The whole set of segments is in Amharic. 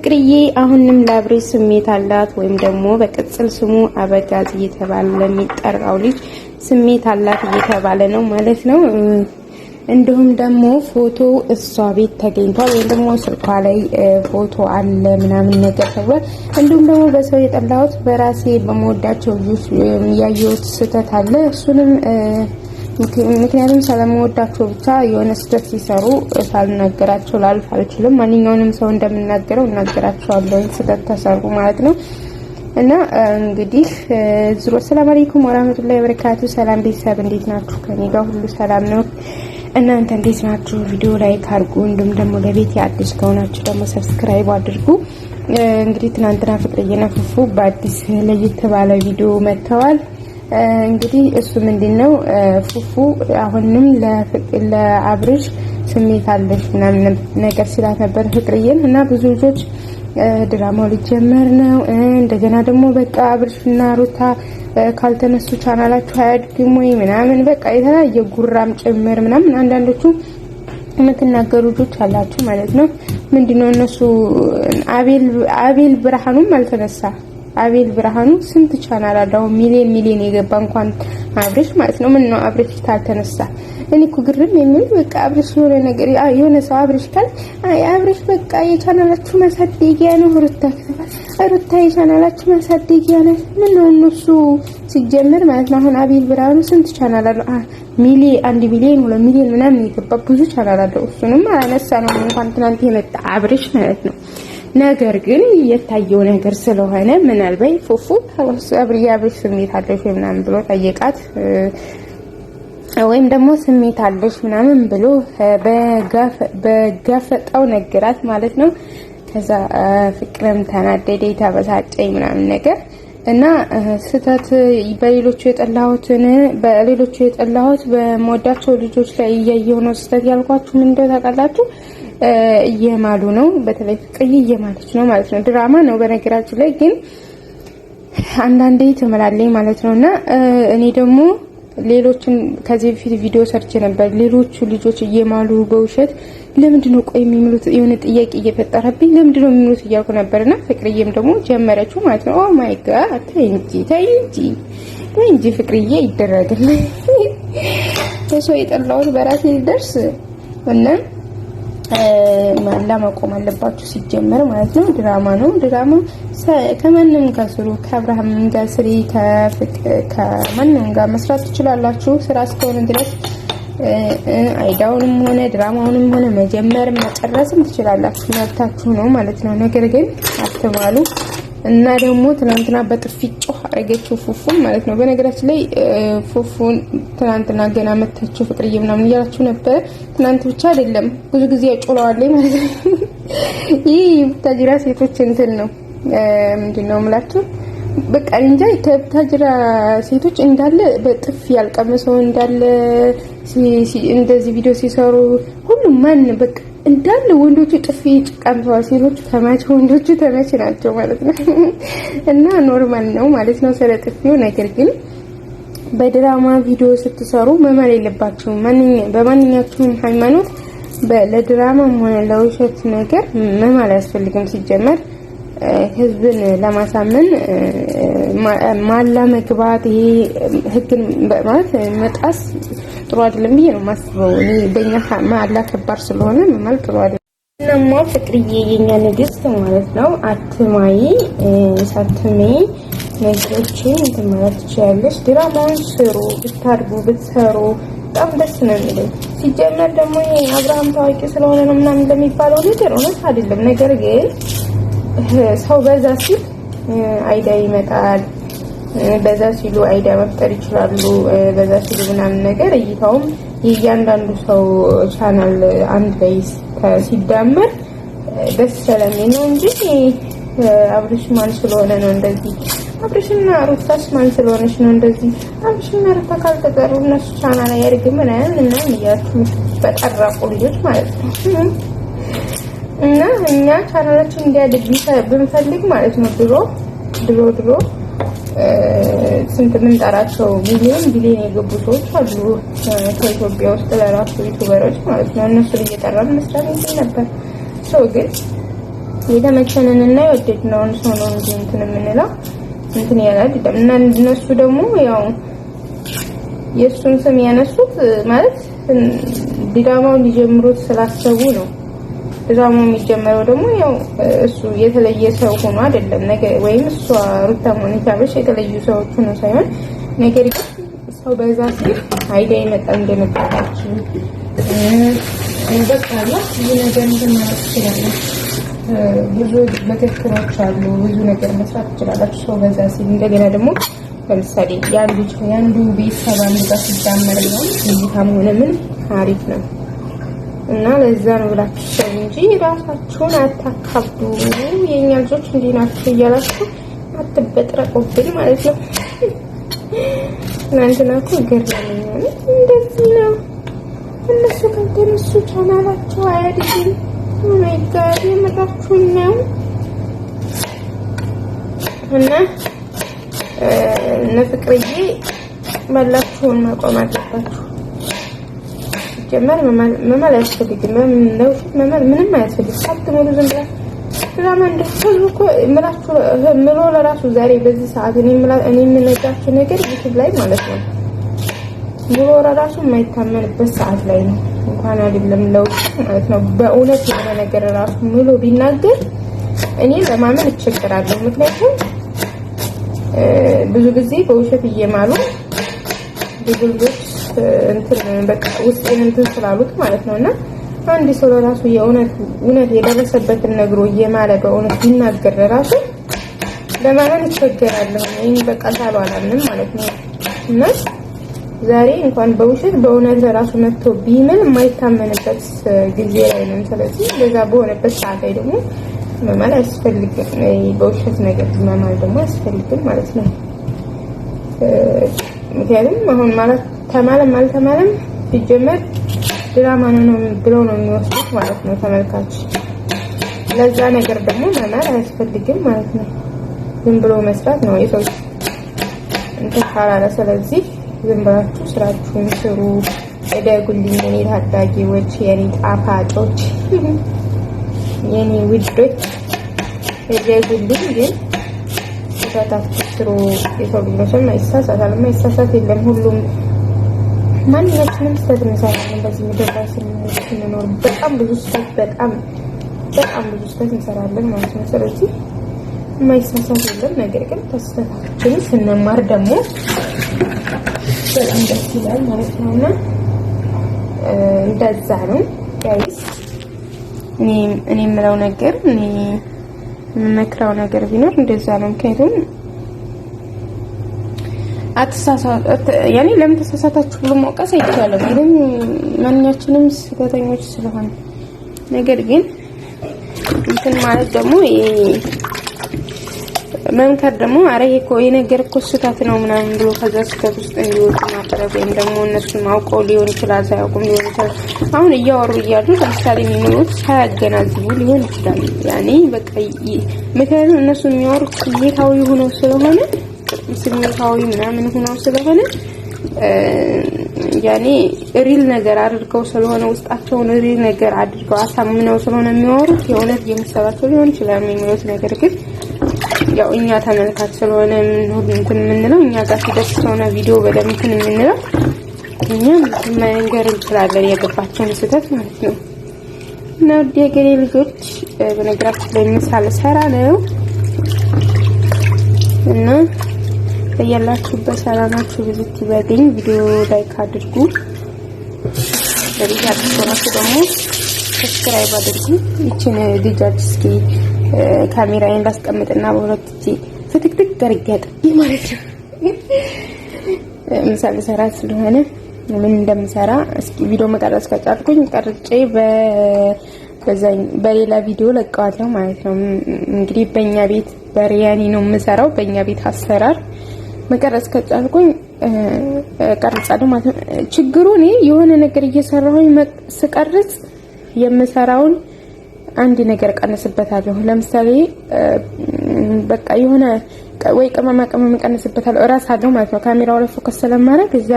ፍቅርዬ አሁንም ለአብሬ ስሜት አላት ወይም ደግሞ በቅጽል ስሙ አበጋዝ እየተባለ ለሚጠራው ልጅ ስሜት አላት እየተባለ ነው ማለት ነው። እንዲሁም ደግሞ ፎቶ እሷ ቤት ተገኝቷል፣ ወይም ደግሞ ስልኳ ላይ ፎቶ አለ ምናምን ነገር ተብሏል። እንዲሁም ደግሞ በሰው የጠላሁት በራሴ በመወዳቸው ያየሁት ስህተት አለ እሱንም ምክንያቱም ስለምወዳቸው ብቻ የሆነ ስህተት ሲሰሩ ሳልናገራቸው ላልፍ አልችልም። ማንኛውንም ሰው እንደምናገረው እናገራቸዋለሁ ስህተት ተሰሩ ማለት ነው። እና እንግዲህ ዝሮ ሰላም አለይኩም ወራህመቱላሂ ወበረካቱ። ሰላም ቤተሰብ እንዴት ናችሁ? ከኔ ጋር ሁሉ ሰላም ነው። እናንተ እንዴት ናችሁ? ቪዲዮ ላይክ አድርጉ። እንዲሁም ደግሞ ለቤት አዲስ ከሆናችሁ ደግሞ ሰብስክራይብ አድርጉ። እንግዲህ ትናንትና ፍቅር እየነፈፉ በአዲስ ለየት ባለ ቪዲዮ መጥተዋል። እንግዲህ እሱ ምንድን ነው ፉፉ አሁንም ለአብርሽ ስሜት አለሽ ምናምን ነገር ሲላት ነበር ፍቅርዬን እና ብዙ ልጆች ድራማው ሊጀመር ነው። እንደገና ደግሞ በቃ አብርሽና ሩታ ካልተነሱ ቻናላችሁ አያድግም ወይ ምናምን በቃ የተለያየ ጉራም ጭምር ምናምን አንዳንዶቹ የምትናገሩ ልጆች አላችሁ ማለት ነው። ምንድነው እነሱ አቤል አቤል ብርሃኑም አልተነሳ አቤል ብርሃኑ ስንት ቻናል አለው? ሚሊዮን ሚሊዮን የገባ እንኳን አብሬሽ ማለት ነው። ምን ነው አብሬሽ ካልተነሳ እኔ እኮ ግርም የሚል በቃ አብሬሽ የሆነ ነገር የሆነ ሰው አብሬሽ ካል አይ አብሬሽ በቃ የቻናላችሁ ማሳደጊያ ነው ሩታ ከተባለ ሩታ የቻናላችሁ ማሳደጊያ ነው። ምን ነው እነሱ ሲጀምር ማለት ነው። አሁን አቤል ብርሃኑ ስንት ቻናል አለው? ሚሊ አንድ ሚሊዮን ሁለት ሚሊዮን ምናምን የገባ ብዙ ቻናል አለው። እሱንም አላነሳ ነው እንኳን ትናንት የመጣ አብሬሽ ማለት ነው። ነገር ግን የታየው ነገር ስለሆነ ምናልባት ፉፉ አብርሽ ስሜት አለሽ ምናምን ብሎ ጠየቃት። ወይም ደግሞ ስሜት አለሽ ምናምን ብሎ በጋፈጣው ነገራት ማለት ነው። ከዛ ፍቅርም ተናደደ፣ ተበሳጨኝ ምናምን ነገር እና ስህተት በሌሎቹ የጠላሁትን በሌሎቹ የጠላሁት በመወዳቸው ልጆች ላይ እያየሁ ነው። ስህተት ያልኳችሁ ምን እንደው ታውቃላችሁ? እየማሉ ነው። በተለይ ፍቅርዬ እየማለች ነው ማለት ነው። ድራማ ነው በነገራችን ላይ ግን አንዳንዴ ትምላለች ማለት ነው እና እኔ ደግሞ ሌሎችን ከዚህ በፊት ቪዲዮ ሰርች ነበር። ሌሎቹ ልጆች እየማሉ በውሸት ለምንድን ነው ቆይ የሚምሉት? የሆነ ጥያቄ እየፈጠረብኝ ለምንድን ነው የሚምሉት እያልኩ ነበርና ፍቅርዬም ደግሞ ጀመረችው ማለት ነው። ኦ ማይ ጋድ ተይ እንጂ ተይ እንጂ ተይ እንጂ ፍቅርዬ ይደረግል እሱ የጠላሁት በራሴ ደርስ እና ለመቆም አለባችሁ። ሲጀመር ማለት ነው ድራማ ነው ድራማ። ከማንም ጋር ስሩ፣ ከአብርሃም ጋር ስሪ፣ ከማንም ጋር መስራት ትችላላችሁ። ስራ እስከሆነ ድረስ አይዳውንም ሆነ ድራማውንም ሆነ መጀመር መጨረስም ትችላላችሁ፣ መብታችሁ ነው ማለት ነው። ነገር ግን አትማሉ እና ደግሞ ትናንትና በጥፊ ጮህ አረገችው ፉፉን ማለት ነው። በነገራችን ላይ ፉፉን ትናንትና ገና መታችሁ ፍቅርዬ ምናምን እያላችሁ ነበረ። ትናንት ብቻ አይደለም ብዙ ጊዜ ያጮለዋለኝ ማለት ነው። ይህ ታጅራ ሴቶች እንትን ነው ምንድን ነው የምላችሁ በቃ እንጃ ሴቶች እንዳለ በጥፍ ያልቀመሰው እንዳለ እንደዚህ ቪዲዮ ሲሰሩ ሁሉም ማን በቃ እንዳለ ወንዶቹ ጥፊ ቀምሰዋል። ሴቶቹ ተመች ወንዶቹ ተመች ናቸው ማለት ነው። እና ኖርማል ነው ማለት ነው ስለ ጥፊው። ነገር ግን በድራማ ቪዲዮ ስትሰሩ መማል የለባቸውም በማንኛችሁም ሃይማኖት ለድራማም ሆነ ለውሸት ነገር መማል አያስፈልግም ሲጀመር ህዝብን ለማሳመን ማላ መግባት ይሄ ህግን ማለት መጣስ ጥሩ አይደለም ብዬ ነው ማስበው። እኔ በእኛ ማላ ከባድ ስለሆነ ማለት ጥሩ አይደለም። እናማ ፍቅርዬ የኛ ንግስት ማለት ነው። አትማይ ሳትሜ ነገሮችን እንትን ማለት ትችላለች። ድራማውን ስሩ፣ ብታድጉ ብትሰሩ በጣም ደስ ነው የሚለኝ። ሲጀመር ደግሞ ይሄ አብርሃም ታዋቂ ስለሆነ ነው ምናምን ለሚባለው ነገር እውነት አይደለም ነገር ግን ሰው በዛ ሲል አይዳ ይመጣል። በዛ ሲሉ አይዳ መፍጠር ይችላሉ። በዛ ሲሉ ምናምን ነገር እይታውም የእያንዳንዱ ሰው ቻናል አንድ ላይ ሲዳመር ደስ ስለሚል ነው እንጂ አብርሽ ማን ስለሆነ ነው እንደዚህ? አብርሽና ሩታስ ማን ስለሆነች ነው እንደዚህ? አብርሽና ሩታ ካልተጠሩ እነሱ ቻናል አያድግም ምናምን ምናምን እያሉ በጠራቁ ልጆች ማለት ነው። እና እኛ ቻናላችን እንዲያድግ ብንፈልግ ማለት ነው ድሮ ድሮ ድሮ ስንት የምንጠራቸው ሚሊዮን ቢሊዮን የገቡ ሰዎች አሉ ከኢትዮጵያ ውስጥ ለራሱ ዩቱበሮች ማለት ነው። እነሱን እየጠራን መስራት ይችል ነበር። ሰው ግን የተመቸንን የተመቸንንና የወደድነውን ሰው ነው እንጂ እንትን የምንለው እንትን ያላል እና እነሱ ደግሞ ያው የእሱን ስም ያነሱት ማለት ድራማውን ሊጀምሩት ስላሰቡ ነው። ድራማ የሚጀመረው ደግሞ ያው እሱ የተለየ ሰው ሆኖ አይደለም ነገ ወይም እሷ ሩታ ሞኒካ ብሽ የተለዩ ሰዎች ሆኖ ሳይሆን ነገር ግን ሰው በዛ ሲል አይዳ የመጣ እንደመጣላችሁ በቃላ ብዙ ነገር ማለት ትችላለች። ብዙ መተክሮች አሉ። ብዙ ነገር መስራት ትችላላችሁ ሰው በዛ ሲል። እንደገና ደግሞ ለምሳሌ የአንዱ ቤተሰብ አንዱ ጋር ሲዳመር ነው እይታም ሆነ ምን አሪፍ ነው። እና ለዛ ነው ብላችሁ ሰው እንጂ ራሳችሁን አታካብዱ። የኛ ልጆች እንዲህ ናቸው እያላችሁ አትበጥረቁብን ማለት ነው። ትናንትና እኮ ገርመኛል። እንደዚህ ነው እነሱ ካልተነሱ ቻናላቸው አያድግም። ማይጋር የመጣችሁ ነው እና እነ ፍቅርዬ ባላችሁን ማቆም አለባችሁ። ሲጀመር መማል አያስፈልግም። ለውሸት መማል ምንም አያስፈልግም። ሳትሞሉ ዝም ብላ ድራማ እንደ ህዝብ እኮ ምላችሁ ምሎ ለራሱ ዛሬ በዚህ ሰዓት እኔ የምነግራችሁ ነገር ዩቲብ ላይ ማለት ነው ምሎ ለራሱ የማይታመንበት ሰዓት ላይ ነው። እንኳን አይደለም ለውሸት ማለት ነው። በእውነት የሆነ ነገር ራሱ ምሎ ቢናገር እኔ ለማመን እቸገራለሁ። ምክንያቱም ብዙ ጊዜ በውሸት እየማሉ ብዙ ልጆች በቃ ውስጤን እንትን ስላሉት ማለት ነው እና አንድ ሰው ለራሱ የእውነት እውነት የደረሰበትን ነግሮ እየማለ በእውነት ቢናገር ለራሱ ለማመን ይቸገራለሁ። ይህ በቃ ሳሏላምንም ማለት ነው እና ዛሬ እንኳን በውሸት በእውነት ለራሱ መጥቶ ቢምል የማይታመንበት ጊዜ ላይ ነው። ስለዚህ በዛ በሆነበት ሰዓት ላይ ደግሞ መማል አያስፈልግም። በውሸት ነገር መማል ደግሞ አያስፈልግም ማለት ነው። ምክንያቱም አሁን ማለት ተማለም አልተማለም ሲጀመር ድራማ ነው ብለው ነው የሚወስዱት ማለት ነው ተመልካች። ለዛ ነገር ደግሞ መማር አያስፈልግም ማለት ነው። ዝም ብሎ መስራት ነው የሰው እንትን ሐላለ። ስለዚህ ዝም ብላችሁ ስራችሁን ስሩ። እደጉልኝ የኔ ታዳጊዎች፣ የኔ ጣፋጮች፣ የኔ ውዶች እደጉልኝ ግን መሳሳት አትችሩ የሰው መሳሳት ይሳሳታል። መሳሳት የለም። ሁሉም ማንኛችንም ስህተት እንሰራለን። በዚህ ምድር ላይ ስንኖር በጣም ብዙ ስህተት በጣም በጣም ብዙ ስህተት እንሰራለን ማለት ነው። ስለዚህ መሳሳት የለም። ነገር ግን ከስህተታችን ስንማር ደግሞ በጣም ደስ ይላል ማለት ነው እና እንደዛ ነው ያይስ እኔ እኔ የምለው ነገር እኔ መክራው ነገር ቢኖር እንደዛ ነው። ምክንያቱም አትሳሳት ያኔ ለምን ተሳሳታችሁ ብሎ መውቀስ አይቻልም። ግን ማንኛችንም ስህተተኞች ስለሆነ ነገር ግን እንትን ማለት ደግሞ መምከር ደግሞ አረ ይሄ እኮ የነገር እኮ ስህተት ነው ምናምን ብሎ ከዛ ስህተት ውስጥ እንዲወጡ ማድረግ ወይም ደግሞ እነሱም አውቀው ሊሆን ይችላል፣ ሳያውቁም ሊሆን ይችላል። አሁን እያወሩ እያሉ ለምሳሌ የሚኖሩት ሳያገናዝቡ ሊሆን ይችላል። ያኔ በቃ ምክንያቱም እነሱ የሚያወሩ ስሜታዊ ሆነው ስለሆነ ስሜታዊ ምናምን ሆነው ስለሆነ ያኔ ሪል ነገር አድርገው ስለሆነ ውስጣቸውን ሪል ነገር አድርገው አሳምነው ስለሆነ የሚያወሩት የእውነት የሚሰራቸው ሊሆን ይችላል የሚኖሩት ነገር ግን ያው እኛ ተመልካች ስለሆነ እንትን የምንለው እኛ ጋር ሲደርስ ሆነ ቪዲዮ በደምብ እንትን የምንለው እኛ መንገር እንችላለን የገባቸውን ስህተት ማለት ነው። እና ውድ የሀገሬ ልጆች በነገራችን ላይ ምሳ ልሰራ ነው እና በያላችሁበት ሰላማችሁ ብዙ ይበልኝ። ቪዲዮ ላይክ አድርጉ። በዚህ አጥቶራችሁ ደግሞ ሰብስክራይብ አድርጉ። ይችን ልጅ እስኪ ካሜራዬን ላስቀምጥና በሁለት እጄ ፍትክትክ ደርጌ አጥቤ ማለት ነው። ምሳ ልሰራ ስለሆነ ምን እንደምሰራ እስኪ ቪዲዮ መቀረጽ ከጫጥኩኝ ቀርጬ በዛኝ በሌላ ቪዲዮ ለቀዋለሁ ማለት ነው። እንግዲህ በእኛ ቤት በሪያኒ ነው የምሰራው። በእኛ ቤት አሰራር መቀረጽ ከጫጥኩኝ ቀርጻለሁ ማለት ነው። ችግሩ እኔ የሆነ ነገር እየሰራሁኝ ስቀርጽ የምሰራውን አንድ ነገር ቀንስበታለሁ። ለምሳሌ በቃ የሆነ ወይ ቅመማ ቅመም ቀንስበታለሁ እረሳለሁ ማለት ነው። ካሜራው ላይ ፎከስ ስለማድረግ እዛ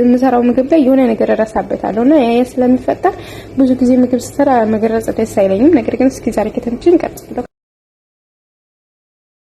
የምሰራው ምግብ ላይ የሆነ ነገር እረሳበታለሁ እና ያ ስለሚፈጠር ብዙ ጊዜ ምግብ ስሰራ መገረጽ ደስ አይለኝም። ነገር ግን እስኪ ዛሬ ከተምችን ቀጥላለሁ።